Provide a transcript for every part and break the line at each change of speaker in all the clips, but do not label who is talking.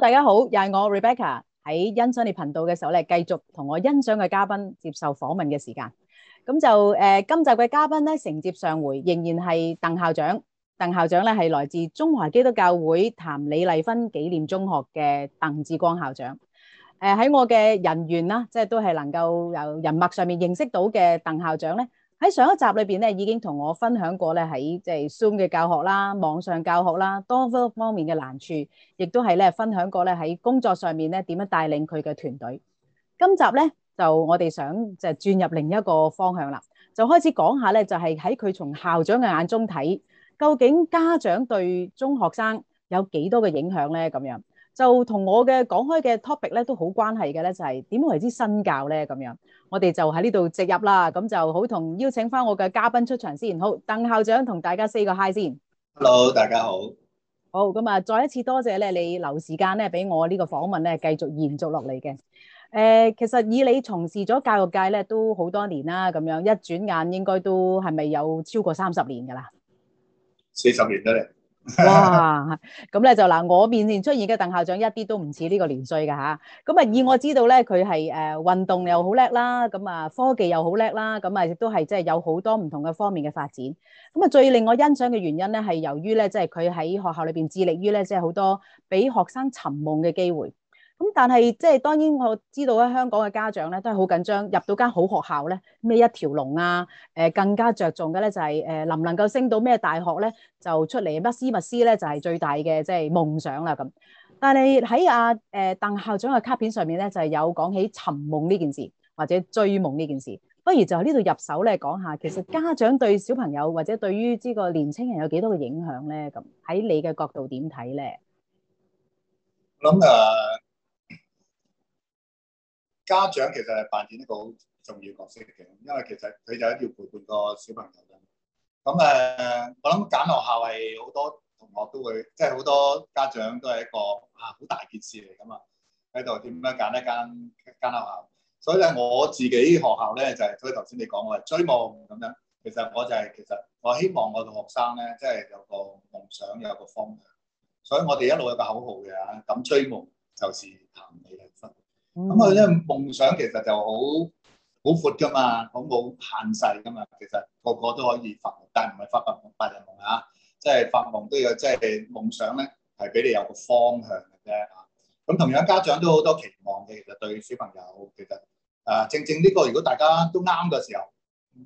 大家好，又係我 Rebecca 喺欣賞你頻道嘅時候咧，繼續同我欣賞嘅嘉賓接受訪問嘅時間。咁就誒，今集嘅嘉賓咧，承接上回，仍然係鄧校長。鄧校長咧係來自中華基督教會譚李麗芬紀念中學嘅鄧志光校長。誒，喺我嘅人緣啦，即係都係能夠由人脈上面認識到嘅鄧校長咧。喺上一集裏邊咧，已經同我分享過咧，喺即係 Zoom 嘅教學啦、網上教學啦，多方面嘅難處，亦都係咧分享過咧，喺工作上面咧，點樣帶領佢嘅團隊。今集咧就我哋想就轉入另一個方向啦，就開始講下咧，就係喺佢從校長嘅眼中睇，究竟家長對中學生有幾多嘅影響咧？咁樣。就同我嘅講開嘅 topic 咧都好關係嘅咧，就係點為之新教咧咁樣。我哋就喺呢度直入啦，咁就好同邀請翻我嘅嘉賓出場先。好，鄧校長同大家 say 個 hi 先。Hello，大家好。好，咁啊，再一次多謝咧，你留時間咧俾我呢個訪問咧繼續延續落嚟嘅。誒，其實以你從事咗教育界咧都好多年啦，咁樣一轉眼應該都係咪有超過三十年噶啦？
四十年啦咧。
哇！咁咧就嗱，我面前出現嘅鄧校長一啲都唔似呢個年歲㗎吓。咁啊，以我知道咧，佢係誒運動又好叻啦，咁啊科技又好叻啦，咁啊亦都係即係有好多唔同嘅方面嘅發展。咁啊，最令我欣賞嘅原因咧，係由於咧即係佢喺學校裏邊致力於咧即係好多俾學生尋夢嘅機會。咁但係即係當然我知道咧，香港嘅家長咧都係好緊張，入到間好學校咧咩一條龍啊！誒更加着重嘅咧就係誒能唔能夠升到咩大學咧，就出嚟乜斯密斯咧就係最大嘅即係夢想啦咁。但係喺阿誒鄧校長嘅卡片上面咧，就係有講起尋夢呢件事或者追夢呢件事。不如就喺呢度入手咧講下，其實家長對小朋友或者對於呢個年輕人有幾多嘅影響咧？咁喺你嘅角度點睇咧？
我諗啊～家長其實係扮演一個好重要角色嘅，因為其實佢就係要陪伴個小朋友嘅。咁誒，我諗揀學校係好多同學都會，即係好多家長都係一個啊好大件事嚟㗎嘛，喺度點樣揀一間間學校？所以咧，我自己學校咧就係、是，所以頭先你講我係追夢咁樣。其實我就係、是、其實我希望我個學生咧，即係有個夢想，有個方向。所以我哋一路有個口號嘅嚇，噉追夢就是談美咁佢咧夢想其實就好好闊㗎嘛，好冇限制㗎嘛。其實個個都可以發夢，但係唔係發白白日夢啊，即係發夢都要即係夢想咧，係俾你有個方向嘅啫啊。咁同樣家長都好多期望嘅，其實對小朋友其實誒正正呢個，如果大家都啱嘅時候，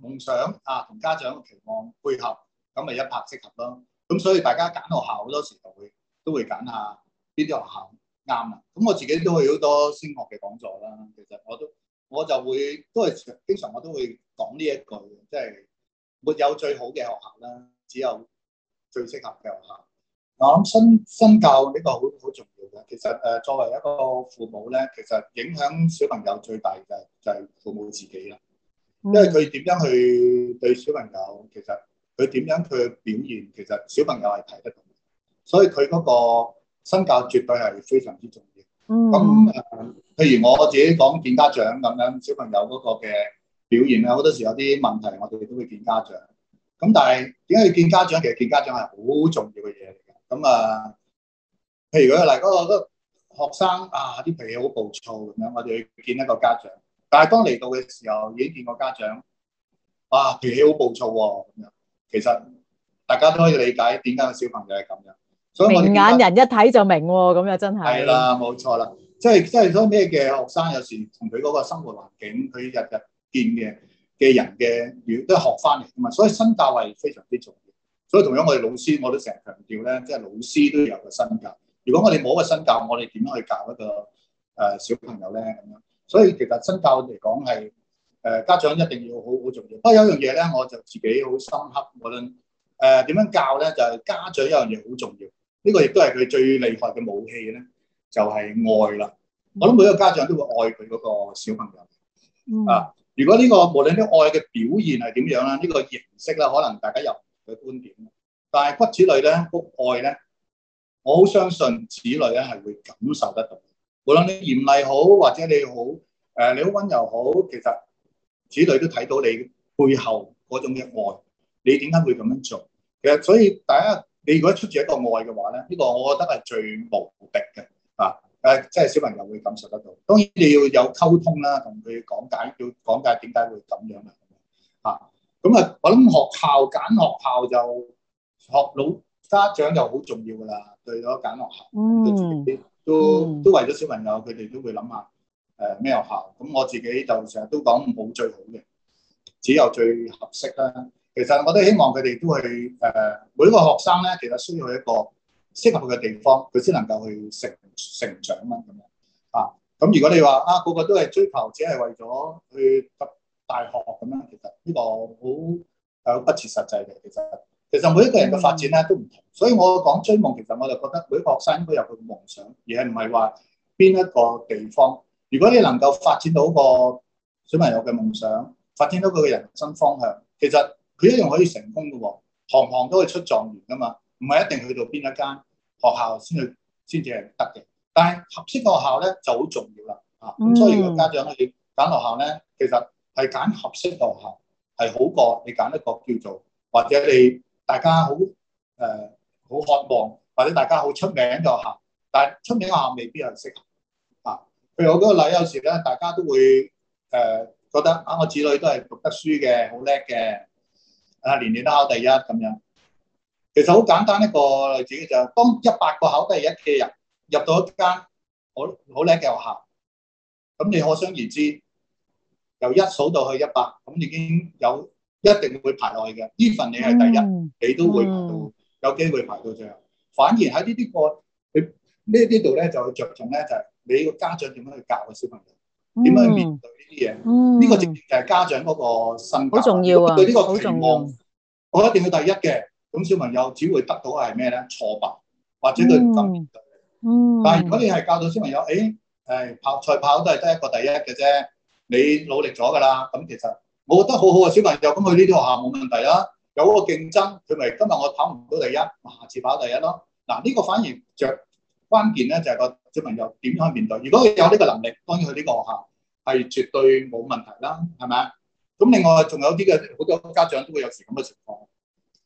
夢想啊同家長嘅期望配合，咁咪一拍即合咯。咁所以大家揀學校好多時就會都會揀下呢啲學校。啱啊！咁我自己都會好多升學嘅講座啦。其實我都我就會都係經常我都會講呢一句，即係沒有最好嘅學校啦，只有最適合嘅學校。我諗新新教呢個好好重要嘅。其實誒，作為一個父母咧，其實影響小朋友最大嘅就係父母自己啦。因為佢點樣去對小朋友，其實佢點樣去表現，其實小朋友係睇得到。所以佢嗰個。身教絕對係非常之重要。咁誒、嗯，譬如我自己講見家長咁樣，小朋友嗰個嘅表現咧，好多時有啲問題，我哋都會見家長。咁但係點解要見家長？其實見家長係好重要嘅嘢嚟嘅。咁啊，
譬如果嚟
嗰個學生啊，啲脾氣好暴躁咁樣，我哋去見一個家長。但係當嚟到嘅時候已經見過家長，啊脾氣好暴躁喎、啊、咁樣。其實大家都可以理解點解個小朋友係咁樣。所以眼
人一睇就明喎、啊，咁又真係。係啦，冇錯啦，即係即係嗰咩
嘅學生，有時同佢嗰個生活環境，佢日日見嘅嘅人嘅，要都學翻嚟噶嘛。所以身教係非常之重要。所以同樣我哋老師，我都成日強調咧，即係老師都有個身教。如果我哋冇個身教，我哋點樣去教一個誒、呃、小朋友咧？咁樣。所以其實身教嚟講係誒家長一定要好好重要。不過有一樣嘢咧，我就自己好深刻，無論誒點樣教咧，就係、是、家長有一樣嘢好重要。呢個亦都係佢最厲害嘅武器咧，就係愛啦。我諗每一個家長都會愛佢嗰個小朋友、嗯、啊。如果呢個無論啲愛嘅表現係點樣啦，呢個形式啦，可能大家有唔同嘅觀點。但係骨子裏咧，個愛咧，我好相信子女咧係會感受得到。無論你嚴厲好，或者你好誒你好溫柔好，其實子女都睇到你背後嗰種嘅愛。你點解會咁樣做？其實所以大家。你如果出自一個愛嘅話咧，呢、這個我覺得係最無敵嘅啊！誒，即係小朋友會感受得到。當然你要有溝通啦，同佢講解，要講解點解會咁樣啦嚇。咁啊，我諗學校揀學校就學老家長就好重要噶啦，對咗揀學校，嗯、都都，都為咗小朋友，佢哋都會諗下誒咩學校。咁我自己就成日都講冇最好嘅，只有最合適啦。其實我都希望佢哋都去誒、呃，每一個學生咧，其實需要去一個適合佢嘅地方，佢先能夠去成成長啊！咁、啊、如果你話啊，個個都係追求，只係為咗去讀大學咁樣、啊，其實呢個好係好不切實際嘅。其實其實每一個人嘅發展咧、嗯、都唔同，所以我講追夢，其實我就覺得每個學生應該有個夢想，而係唔係話邊一個地方？如果你能夠發展到個小朋友嘅夢想，發展到佢嘅人生方向，其實～佢一樣可以成功嘅喎、哦，行行都可以出狀元噶嘛，唔係一定去到邊一間學校先去先至係得嘅。但係合適學校咧就好重要啦，嗯、啊咁所以個家長咧要揀學校咧，其實係揀合適嘅學校係好過你揀一個叫做或者你大家好誒好渴望或者大家好出名嘅學校，但係出名學校未必係適合。啊，譬如我舉個例，有時咧大家都會誒、呃、覺得啊，我子女都係讀得書嘅，好叻嘅。啊，年年都考第一咁樣，其實好簡單一個例子就係、是，當一百個考第一嘅人入到一間好好叻嘅學校，咁你可想而知，由一數到去一百，咁已經有一定會排落去嘅。呢份你係第一，嗯、你都會排到、嗯、有機會排到最後。反而喺呢啲個你呢啲度咧就着重咧就係、是、你個家長點樣去教個小朋友。點樣去面對呢啲嘢？呢、嗯、個直情就係家長嗰個身教，重要啊、對呢個期望，重要我一定要第一嘅。咁小朋友只會得到係咩咧？挫敗或者佢唔敢面對。嗯嗯、但係如果你係教到小朋友，誒、哎，誒、哎、跑賽跑都係得一個第一嘅啫。你努力咗噶啦，咁其實我覺得好好嘅小朋友咁去呢啲學校冇問題啦，有個競爭，佢咪今日我跑唔到第一，我下次跑第一咯。嗱、呢、這個反而著。關鍵咧就係個小朋友點樣面對。如果佢有呢個能力，當然去呢個學校係絕對冇問題啦，係咪啊？咁另外仲有啲嘅好多家長都會有時咁嘅情況，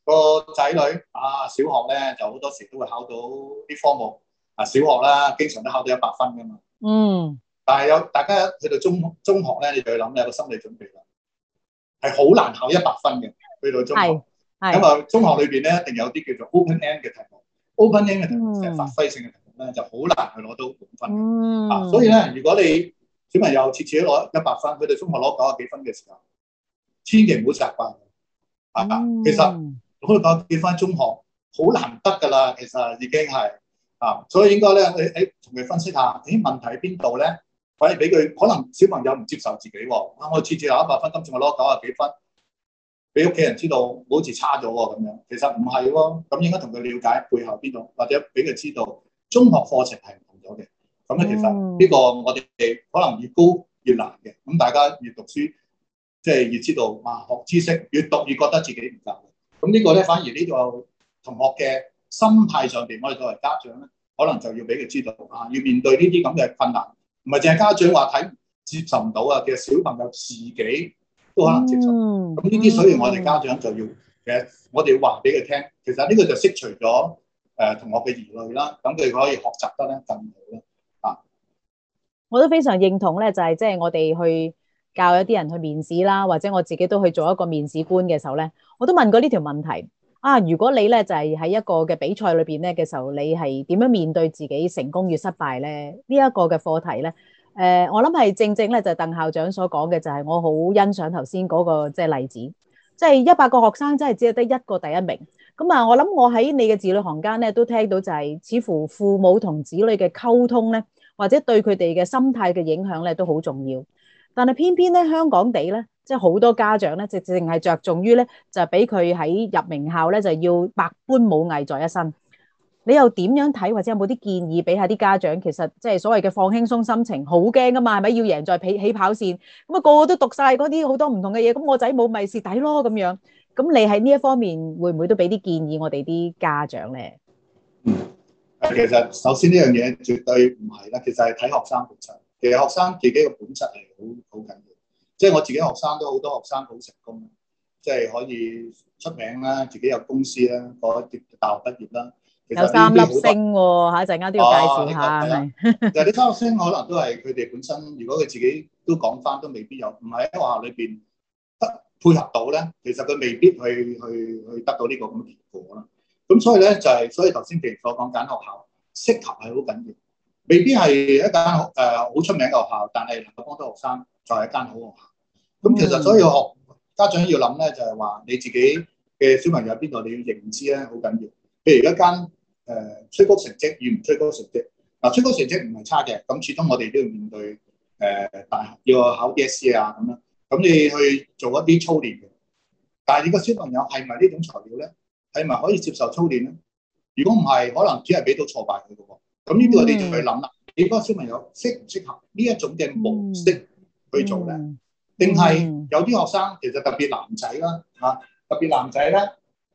個仔女啊小學咧就好多時都會考到啲科目啊小學啦，經常都考到一百分噶嘛。嗯。但係有大家去到中中學咧，你就去諗咧，你有個心理準備啦，係好難考一百分嘅。去到中學咁啊！中學裏邊咧一定有啲叫做 open end 嘅題目，open end 嘅題目係發揮性嘅題目。嗯嗯嗯就好難去攞到滿分、嗯、啊，所以咧，如果你小朋友次次攞一百分，佢哋中學攞九十幾分嘅時候，千祈唔好習慣啊、嗯、九十幾分。其實咁嚟講，變翻中學好難得㗎啦。其實已經係啊，所以應該咧，誒誒，同佢分析下，咦問題喺邊度咧？反而俾佢可能小朋友唔接受自己喎、啊。我次次攞一百分，今次我攞九十幾分，俾屋企人知道好似差咗喎咁樣。其實唔係喎，咁、啊、應該同佢了解背後邊度，或者俾佢知道。中學課程係唔同咗嘅，咁咧其實呢個我哋可能越高越難嘅，咁大家越讀書即係、就是、越知道啊，學知識越讀越覺得自己唔夠，咁呢個咧反而呢個同學嘅心態上邊，我哋作為家長咧，可能就要俾佢知道啊，要面對呢啲咁嘅困難，唔係淨係家長話睇接受唔到啊，其實小朋友自己都可能接受。嗯。咁呢啲所以我哋家長就要，其實、嗯、我哋要話俾佢聽，其實呢個就釋除咗。誒同學嘅疑慮啦，咁佢可以學習得咧更好
咧啊！我都非常認同咧，就係即係我哋去教一啲人去面試啦，或者我自己都去做一個面試官嘅時候咧，我都問過呢條問題啊！如果你咧就係、是、喺一個嘅比賽裏邊咧嘅時候，你係點樣面對自己成功與失敗咧？這個、呢一個嘅課題咧，誒我諗係正正咧就係鄧校長所講嘅，就係我好欣賞頭先嗰個即係例子，即係一百個學生真係只係得一個第一名。咁啊、嗯，我諗我喺你嘅字裏行間咧，都聽到就係、是、似乎父母同子女嘅溝通咧，或者對佢哋嘅心態嘅影響咧，都好重要。但係偏偏咧，香港地咧，即係好多家長咧，直情係着重於咧，就係俾佢喺入名校咧，就要百般武藝在一身。你又點樣睇，或者有冇啲建議俾下啲家長？其實即係所謂嘅放輕鬆心情，好驚噶嘛，係咪要贏在起起跑線？咁、嗯、啊，個個都讀晒嗰啲好多唔同嘅嘢，咁我仔冇咪蝕底咯咁樣。咁你喺呢一方面會唔會都俾啲建議我哋啲家長咧？嗯，
其實首先呢樣嘢絕對唔係啦，其實係睇學生本身。其實學生自己個本質係好好緊要。即係我自己學生都好多學生好成功，即係可以出名啦，自己有公司啦，或者大學畢業啦。
有三粒星喎，嚇！一陣間都要介紹下係咪？其
實啲三粒星可能都係佢哋本身，如果佢自己都講翻都未必有，唔係喺學校裏邊。配合到咧，其實佢未必去去去得到呢個咁嘅結果啦。咁所以咧就係、是，所以頭先譬如我講揀學校，適合係好緊要，未必係一間誒好出名嘅學校，但係能夠幫到學生就係一間好嘅學校。咁其實所以學家長要諗咧，就係、是、話你自己嘅小朋友邊度，你要認知咧，好緊要。譬如一間誒催谷成績與唔催谷成績，嗱，催谷成績唔係差嘅，咁始終我哋都要面對誒大學、呃、要考 DSE 啊咁樣。咁你去做一啲操練嘅，但係你個小朋友係咪呢種材料咧？係咪可以接受操練咧？如果唔係，可能只係俾到挫敗佢嘅喎。咁呢邊我哋就去諗啦，你嗰個小朋友適唔適合呢一種嘅模式去做咧？定係有啲學生其實特別男仔啦，吓特別男仔咧，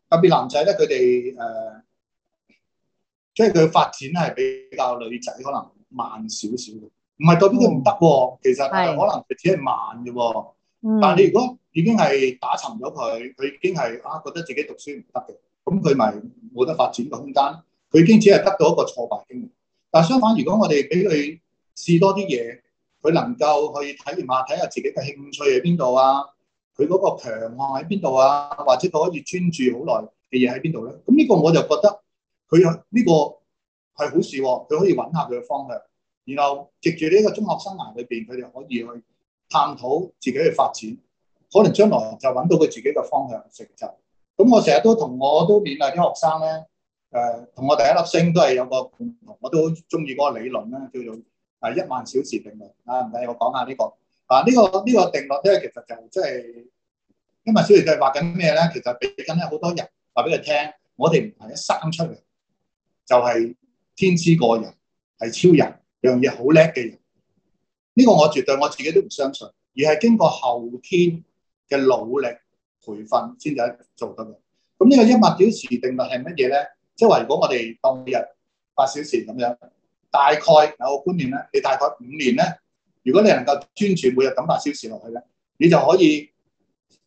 特別男仔咧，佢哋誒，即係佢發展係比較女仔可能慢少少嘅，唔係代表佢唔得，其實係可能只係慢嘅。嗯、但係你如果已經係打沉咗佢，佢已經係啊覺得自己讀書唔得嘅，咁佢咪冇得發展個空間。佢已經只係得到一個挫敗經驗。但係相反，如果我哋俾佢試多啲嘢，佢能夠去體驗下睇下自己嘅興趣喺邊度啊，佢嗰個強項啊喺邊度啊，或者佢可以專注好耐嘅嘢喺邊度咧？咁、嗯、呢、這個我就覺得佢有呢個係好事喎、哦，佢可以揾下佢嘅方向，然後藉住呢個中學生涯裏邊，佢哋可以去。探討自己去發展，可能將來就揾到佢自己嘅方向成就。咁我成日都同我都勉勵啲學生咧，誒、呃，同我第一粒星都係有個共同，我都中意嗰個理論咧，叫做係一萬小時定律。啊，唔使我講下呢、這個啊，呢、這個呢、這個定律咧、就是，其實就即係一萬小時佢話緊咩咧？其實俾緊咧好多人話俾佢聽，我哋唔係一生出嚟就係、是、天資過人，係超人，樣嘢好叻嘅人。呢個我絕對我自己都唔相信，而係經過後天嘅努力培訓先至做得嘅。咁呢個一百小時定律係乜嘢咧？即係話，如果我哋當日八小時咁樣，大概有個觀念咧，你大概五年咧，如果你能夠專注每日抌八小時落去咧，你就可以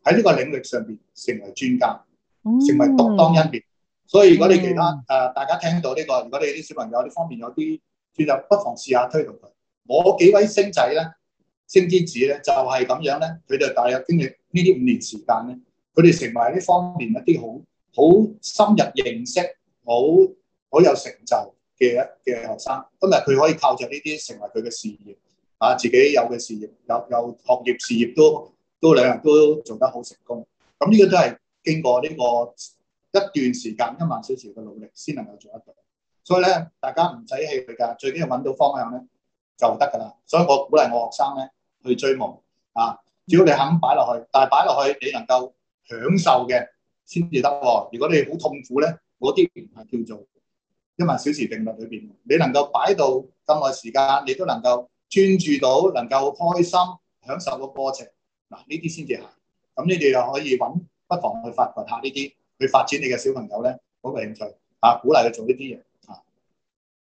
喺呢個領域上邊成為專家，成為獨當一面。所以如果你其他誒大家聽到呢個，如果你啲小朋友呢方面有啲專，不妨試下推動佢。我幾位星仔咧、星之子咧，就係、是、咁樣咧。佢哋大約經歷呢啲五年時間咧，佢哋成為呢方面一啲好好深入認識、好好有成就嘅嘅學生。今日佢可以靠着呢啲成為佢嘅事業，啊，自己有嘅事業，有有學業事業都都兩樣都，都做得好成功。咁呢個都係經過呢個一段時間一萬小時嘅努力先能夠做得到。所以咧，大家唔使氣佢噶，最緊要揾到方向咧。就得噶啦，所以我鼓勵我學生咧去追夢啊！只要你肯擺落去，但係擺落去你能夠享受嘅先至得喎。如果你好痛苦咧，嗰啲係叫做一萬小時定律裏邊，你能夠擺到咁耐時間，你都能夠專注到，能夠開心享受個過程嗱，呢啲先至行，啊。咁你哋又可以揾，不妨去發掘下呢啲，去發展你嘅小朋友咧嗰個興趣啊，鼓勵佢做呢啲嘢。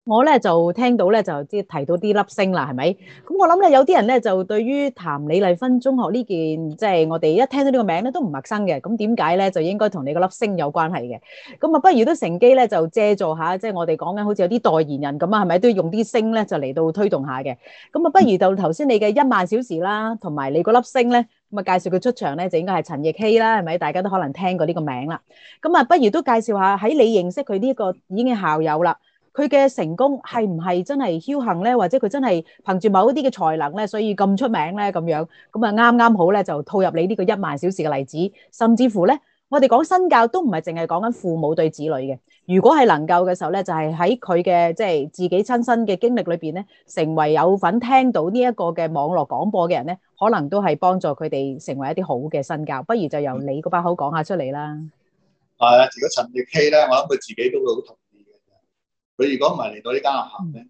我咧就聽到咧就即係提到啲粒星啦，係咪？咁我諗咧有啲人咧就對於譚李麗芬中學呢件，即係我哋一聽到呢個名咧都唔陌生嘅。咁點解咧就應該同你個粒星有關係嘅？咁啊，不如都乘機咧就借助下，即係我哋講緊好似有啲代言人咁啊，係咪？都用啲星咧就嚟到推動下嘅。咁啊，不如就頭先你嘅一萬小時啦，同埋你嗰粒星咧，咁啊介紹佢出場咧就應該係陳奕希啦，係咪？大家都可能聽過呢個名啦。咁啊，不如都介紹下喺你認識佢呢個已經校友啦。佢嘅成功係唔係真係僥倖咧？或者佢真係憑住某一啲嘅才能咧，所以咁出名咧咁樣咁啊，啱啱好咧就套入你呢個一萬小時嘅例子，甚至乎咧，我哋講身教都唔係淨係講緊父母對子女嘅。如果係能夠嘅時候咧，就係喺佢嘅即係自己親身嘅經歷裏邊咧，成為有份聽到呢一個嘅網絡廣播嘅人咧，可能都係幫助佢哋成為一啲好嘅身教。不如就由你嗰把口講下出嚟啦。係啊，如果
陳月 K 咧，我諗佢自己都會好痛。佢如果唔係嚟到呢間學校咧，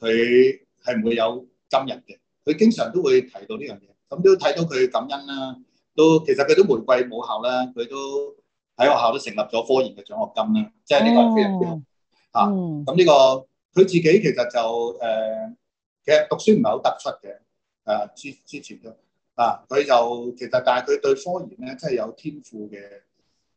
佢係唔會有今日嘅。佢經常都會提到呢樣嘢，咁都睇到佢感恩啦。都其實佢都回饋母校啦。佢都喺學校都成立咗科研嘅獎學金啦，即係呢個非常之好吓。咁呢個佢自己其實就誒、啊，其實讀書唔係好突出嘅誒、啊，之之前都啊，佢就其實但係佢對科研咧，真係有天賦嘅，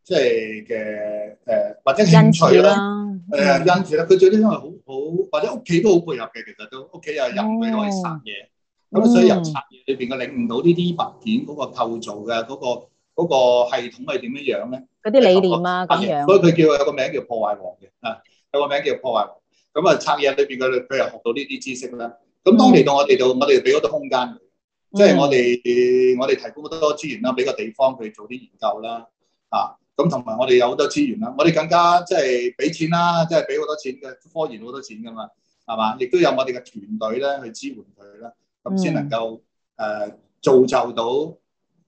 即係嘅誒，或者興趣咧。誒印住啦，佢最啲因為好好，或者屋企都好配合嘅，其實都屋企又任佢愛拆嘢，咁、哦嗯、所以由拆嘢裏邊嘅領悟到呢啲物件嗰個構造嘅嗰、那個嗰、那個系統係點樣樣咧？
嗰啲理念啊，咁
和樣。所以佢叫有個名叫破壞王嘅，啊有個名叫破壞王。咁啊拆嘢裏邊嘅佢又學到呢啲知識啦。咁、嗯、當嚟到我哋度，我哋俾好多空間，即、就、係、是、我哋、嗯、我哋提供好多資源啦，俾個地方佢做啲研究啦，啊。咁同埋我哋有好多資源啦，我哋更加即係俾錢啦，即係俾好多錢嘅科研好多錢噶嘛，係嘛？亦都有我哋嘅團隊咧去支援佢啦，咁先能夠誒、呃、造就到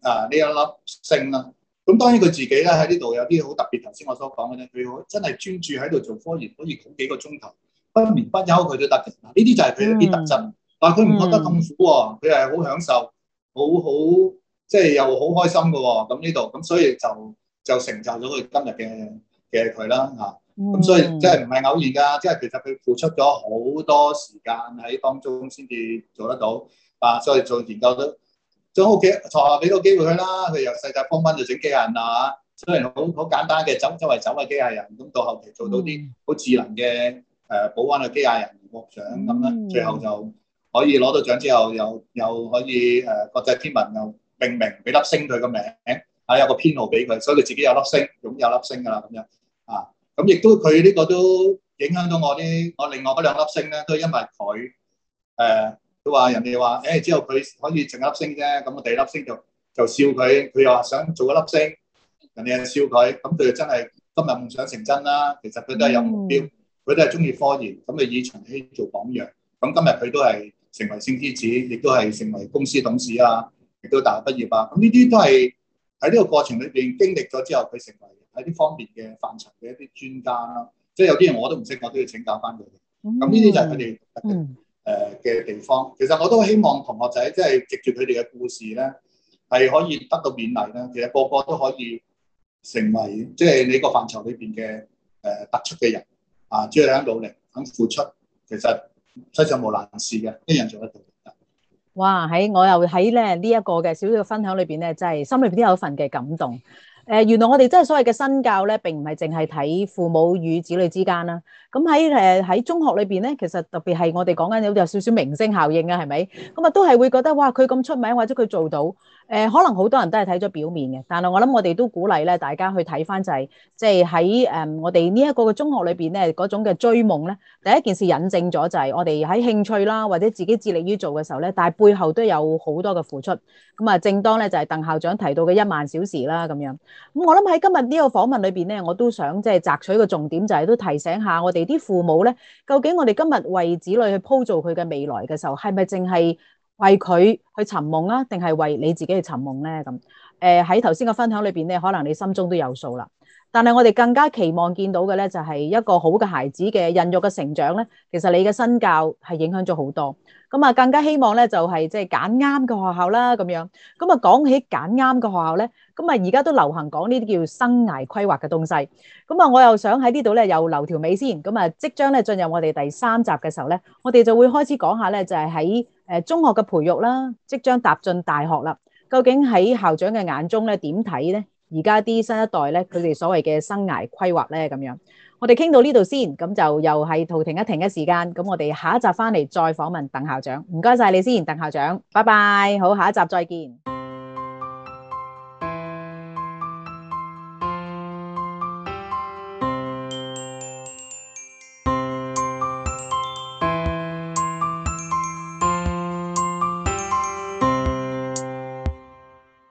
啊呢、呃、一粒星啦。咁當然佢自己咧喺呢度有啲好特別，頭先我所講嘅咧，佢真係專注喺度做科研，可以攰幾個鐘頭，不眠不休佢都得嘅。呢啲就係佢啲特質，嗯、但佢唔覺得痛苦喎、哦，佢係好享受，好好即係又好開心嘅喎、哦。咁呢度咁所以就。就成就咗佢今日嘅嘅佢啦嚇，咁所以即係唔係偶然㗎，即係其實佢付出咗好多時間喺當中先至做得到。啊，所以做研究都將屋企坐下俾個機會佢啦。佢由細細方方就整機械人啊，雖然好好簡單嘅走走嚟走去機械人，咁到後期做到啲好智能嘅誒保安嘅機械人獲獎咁啦。最後就可以攞到獎之後，又又可以誒國際天文又命名俾粒星佢個名。啊，有個編號俾佢，所以佢自己有粒星，總有粒星㗎啦，咁樣啊，咁亦都佢呢個都影響到我啲，我另外嗰兩粒星咧，都因為佢誒、呃、都話人哋話，誒之後佢可以剩粒星啫，咁我第二粒星就就笑佢，佢又話想做一粒星，人哋又笑佢，咁對佢真係今日夢想成真啦、啊。其實佢都係有目標，佢、嗯、都係中意科研，咁咪以秦軒做榜樣，咁今日佢都係成為星之子，亦都係成為公司董事啊，亦都大學畢業啊，咁呢啲都係。喺呢個過程裏邊經歷咗之後，佢成為喺呢方面嘅範疇嘅一啲專家啦。即係有啲嘢我都唔識，我都要請教翻佢嘅。
咁呢啲就係
佢哋誒嘅地方。其實我都希望同學仔即係藉住佢哋嘅故事咧，係可以得到勉勵啦。其實個個都可以成為即係你個範疇裏邊嘅誒突出嘅人啊，主要係肯努力、肯付出。其實世上無難事嘅，呢樣做得到。
哇！喺我又喺咧呢一個嘅小小分享裏邊咧，真係心裏邊都有一份嘅感動。誒、呃，原來我哋真係所謂嘅身教咧，並唔係淨係睇父母與子女之間啦。咁喺誒喺中學裏邊咧，其實特別係我哋講緊有有少少明星效應嘅，係咪？咁、嗯、啊，都係會覺得哇，佢咁出名或者佢做到。誒，可能好多人都係睇咗表面嘅，但係我諗我哋都鼓勵咧，大家去睇翻就係、是，即係喺誒，我哋呢一個嘅中學裏邊咧，嗰種嘅追夢咧，第一件事引證咗就係，我哋喺興趣啦，或者自己致力於做嘅時候咧，但係背後都有好多嘅付出。咁啊，正當咧就係鄧校長提到嘅一萬小時啦，咁樣。咁我諗喺今日呢個訪問裏邊咧，我都想即係摘取個重點，就係都提醒下我哋啲父母咧，究竟我哋今日為子女去鋪造佢嘅未來嘅時候，係咪淨係？為佢去尋夢啊，定係為你自己去尋夢咧？咁誒，喺頭先嘅分享裏邊咧，可能你心中都有數啦。但係我哋更加期望見到嘅咧，就係一個好嘅孩子嘅孕育嘅成長咧。其實你嘅身教係影響咗好多。咁啊，更加希望咧，就係即係揀啱嘅學校啦。咁樣咁啊，講起揀啱嘅學校咧，咁啊，而家都流行講呢啲叫生涯規劃嘅東西。咁啊，我又想喺呢度咧，又留條尾先。咁啊，即將咧進入我哋第三集嘅時候咧，我哋就會開始講下咧，就係喺。誒，中學嘅培育啦，即將踏進大學啦，究竟喺校長嘅眼中咧，點睇呢？而家啲新一代咧，佢哋所謂嘅生涯規劃咧，咁樣，我哋傾到呢度先，咁就又係途停一停嘅時間，咁我哋下一集翻嚟再訪問鄧校長，唔該晒你先，鄧校長，拜拜，好，下一集再見。